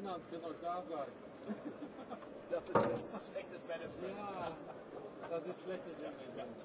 niemand wird euch da sein. Das ist ein schlechtes Management. Ja, da, das ist schlechtes Management.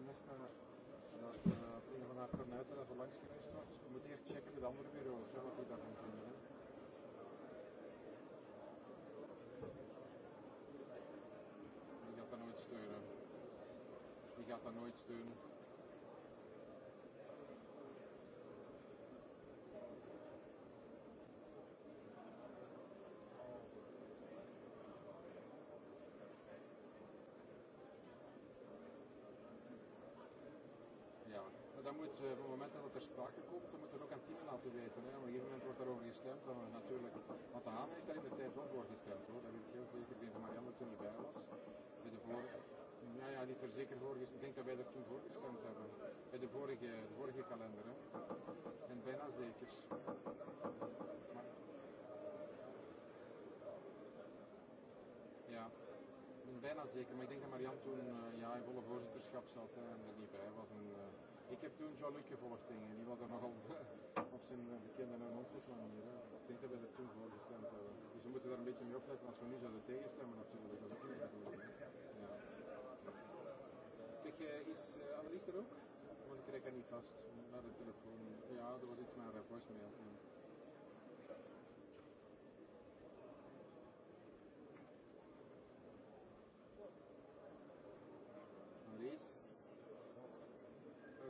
tenminste naar, een van haar kornuiten dat er langs geweest was. We moeten eerst checken met andere bureaus ja, wat die daarvan vinden. Hè. Die gaat dat nooit steunen. Die gaat dat nooit steunen. op het moment dat het sprake komt, dan moeten we ook aan het laten weten. Hè. Op een gegeven moment wordt daarover gestemd. Dan natuurlijk, want de Haan heeft daar in de tijd wel voor gestemd. Hoor. Dat weet ik heel zeker. Ik weet dat Marianne toen niet bij was. Bij de vorige, nou ja, niet er zeker voor gestemd. Ik denk dat wij er toen voor gestemd hebben. Bij de vorige, de vorige kalender. Hè. En bijna zeker. Maar, ja. Ik ben bijna zeker, maar ik denk dat Marianne toen uh, ja, in volle voorzitterschap zat hè, en er niet bij was. En, uh, Ik heb toen Jean-Luc gevolgd, denk Die was er nogal op zijn bekende nonsens manier. Hè. Ik denk dat we dat toen voor gestemd hebben. Dus we moeten daar een beetje mee opletten als we nu zouden tegenstemmen natuurlijk. Dat is ook niet bedoeld. Ja. Zeg, is Annelies er ook? Want ik krijg haar niet vast naar de telefoon. Ja, er was iets met haar voicemail. Ja.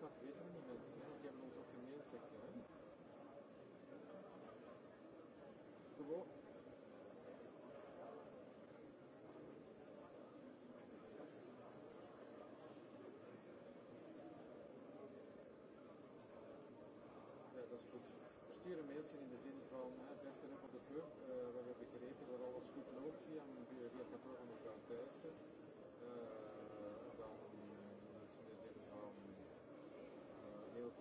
vertreten in den Sinn und die haben uns auch den Sektor. So,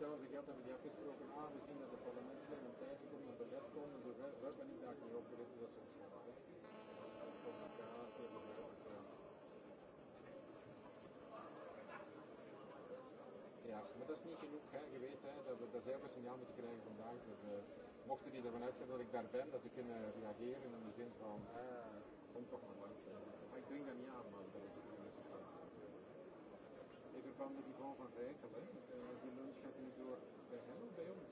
Hetzelfde geldt dat we die afgesproken aangezien dat de parlementsleden op tijd komen, op de wet komen, dus we, we hebben niet daar niet opgericht, dat is ons gewoon. Communicatie, Ja, maar dat is niet genoeg. Hè. Je weet hè, dat we dat zelf een signaal moeten krijgen vandaag. Dus uh, mochten die ervan uitgaan dat ik daar ben, dat ze kunnen reageren in de zin van, eh, kom toch maar langs. Maar ik denk dat niet aan, man kan de die bal gaan regelen. Uh, die lunch hebben we door bij hen of bij ons?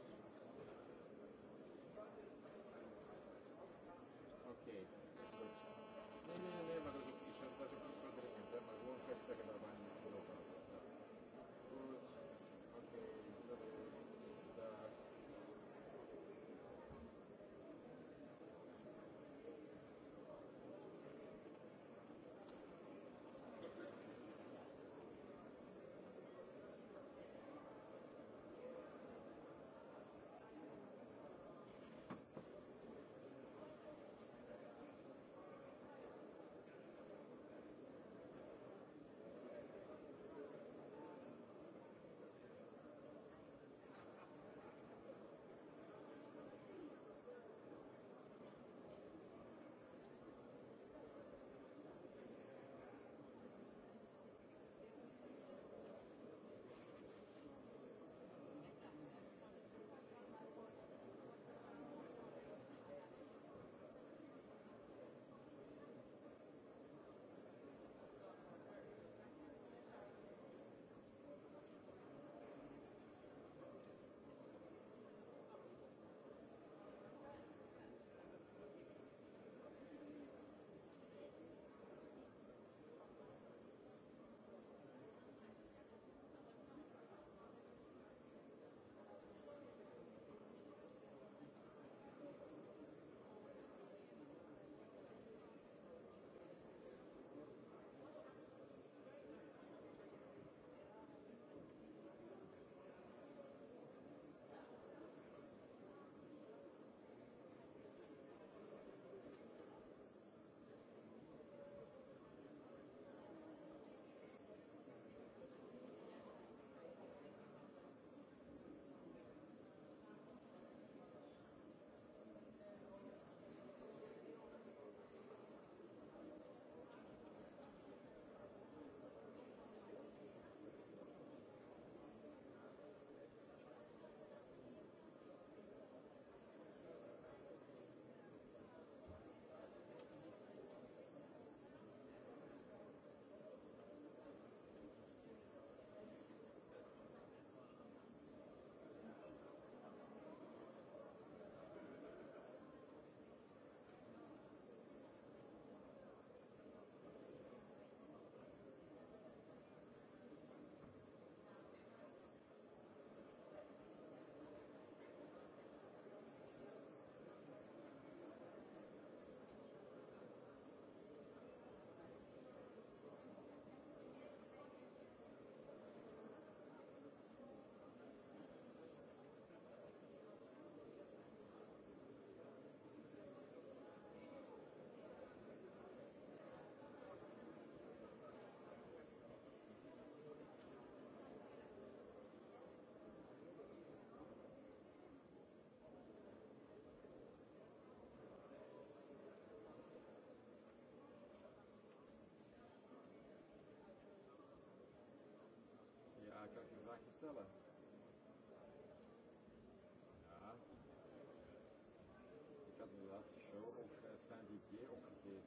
Е окрутение.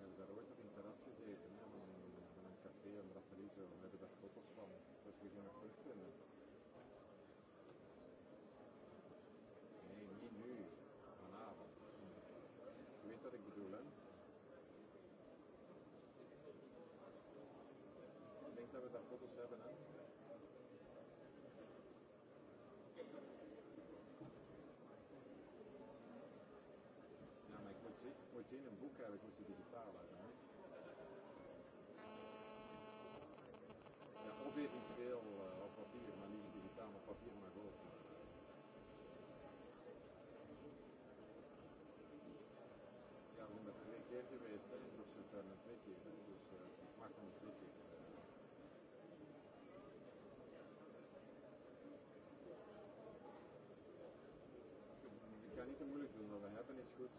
Нездоровето в интереси за единия на кафе, на разсолите, на беда фото с вами. То есть видимо, кто их фене. Не, не, не. Она вам. Вето de gudulen. Denk dat we daar foto's hebben, hè? aziende in Bucharest così di betalen. Ja, of virtueel uh, op papier, maar niet digitaal op papier, maar wel. Ja, we zijn er twee keer geweest, hè, dus het zijn er twee keer, dus uh, ik mag van twee keer. Ik kan niet te moeilijk doen, maar we hebben iets goeds.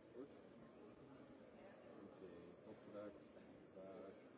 Gut. Okay, Toxilax, Bash.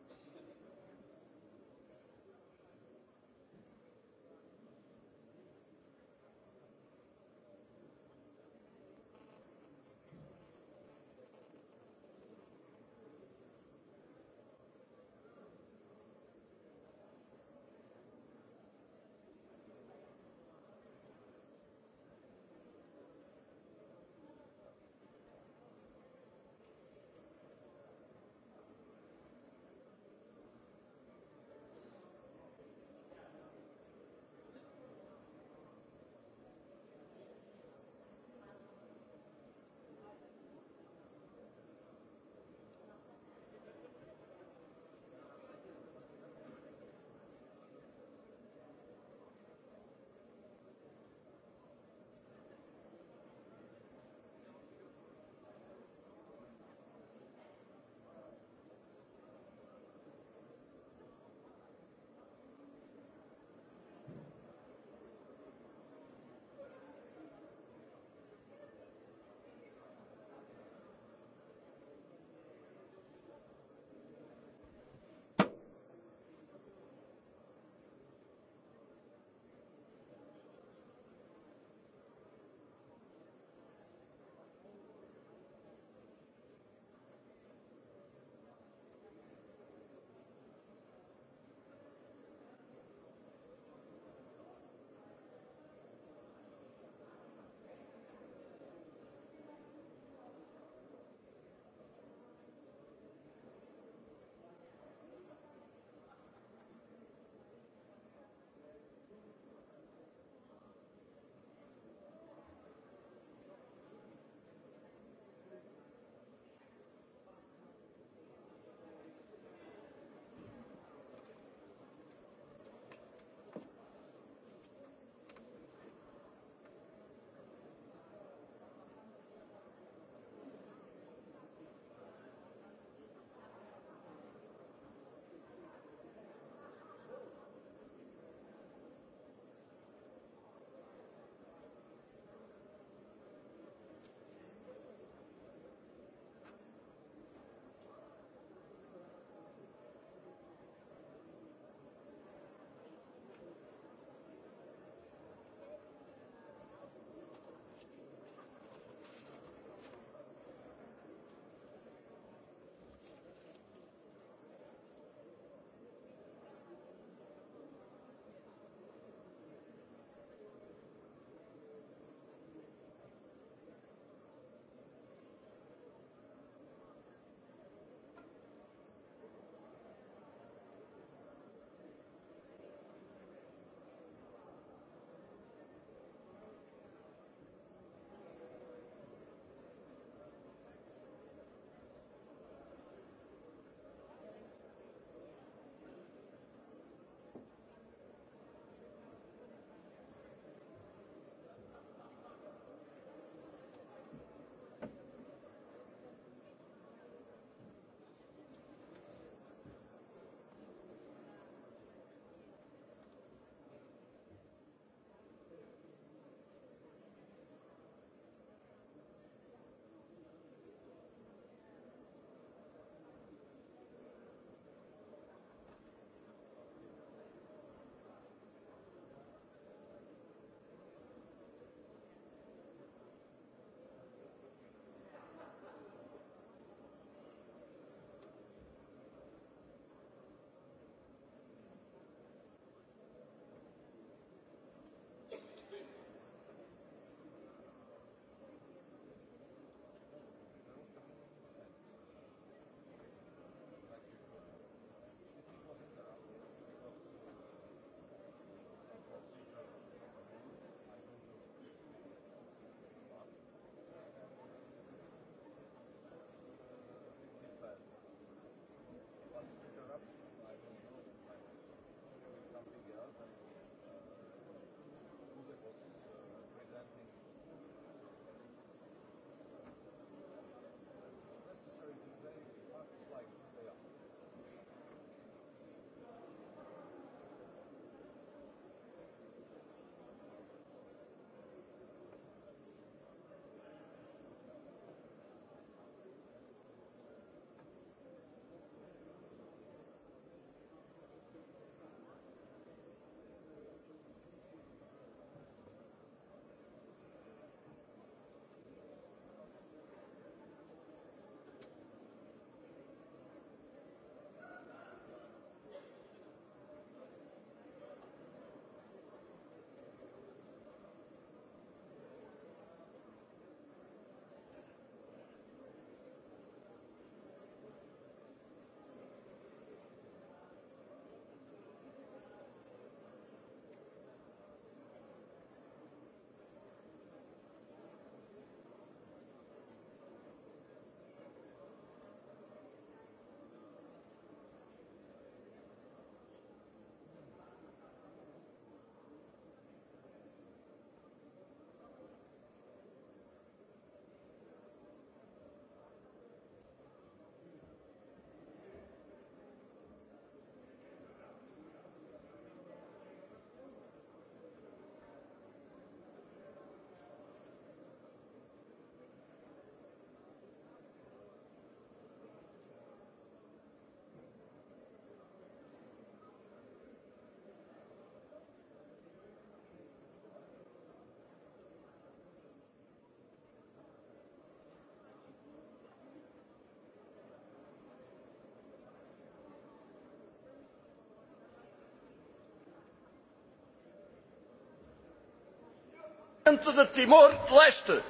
președinte de Timor-Leste.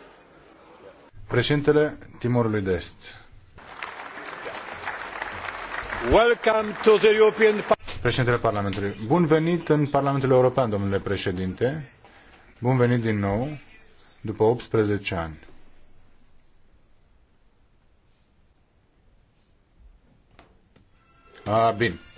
Președintele Timorului de Est. Welcome to the European... Președintele Parlamentului. Bun venit în Parlamentul European, domnule președinte. Bun venit din nou, după 18 ani. A, bine.